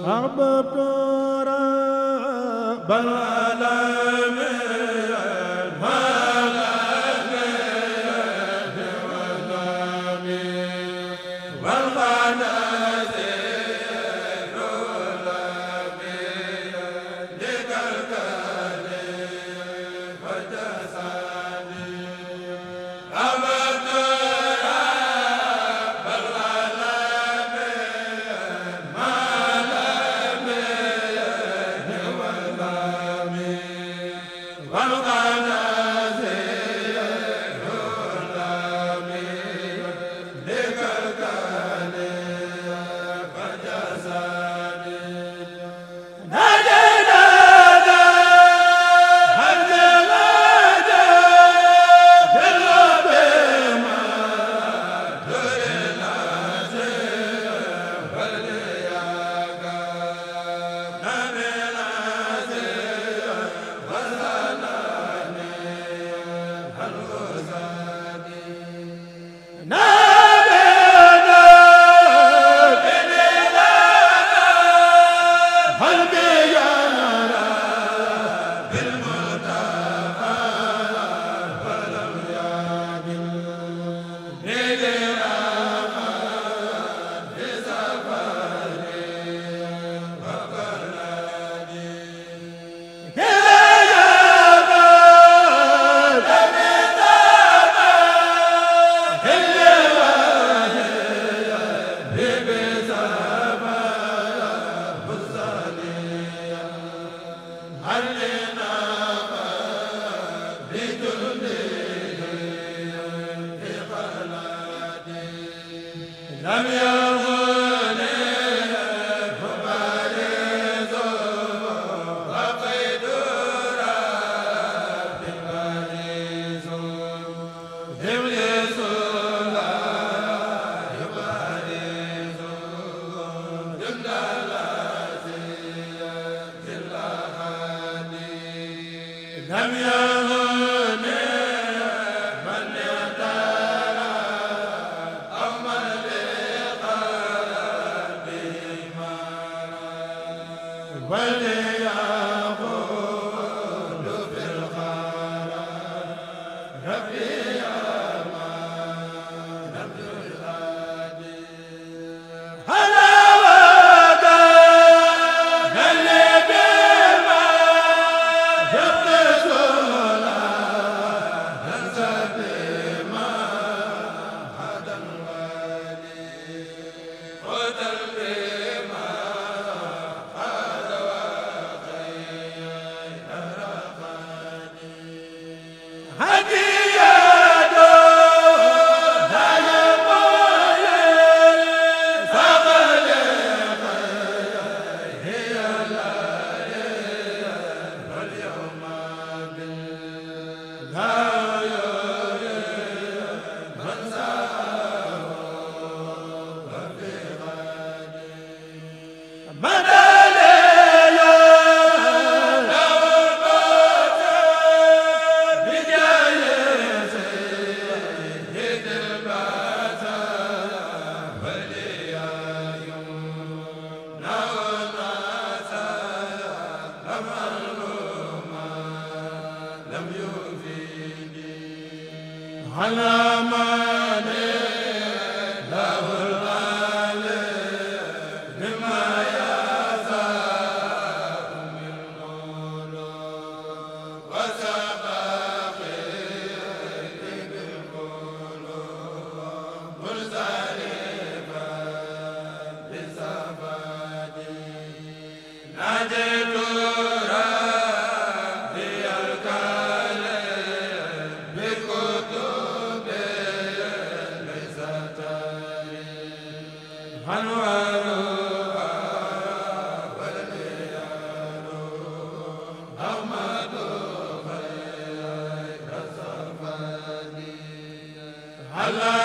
أحببت رب العالمين الملك والغنى hal lam wale ala ma Allah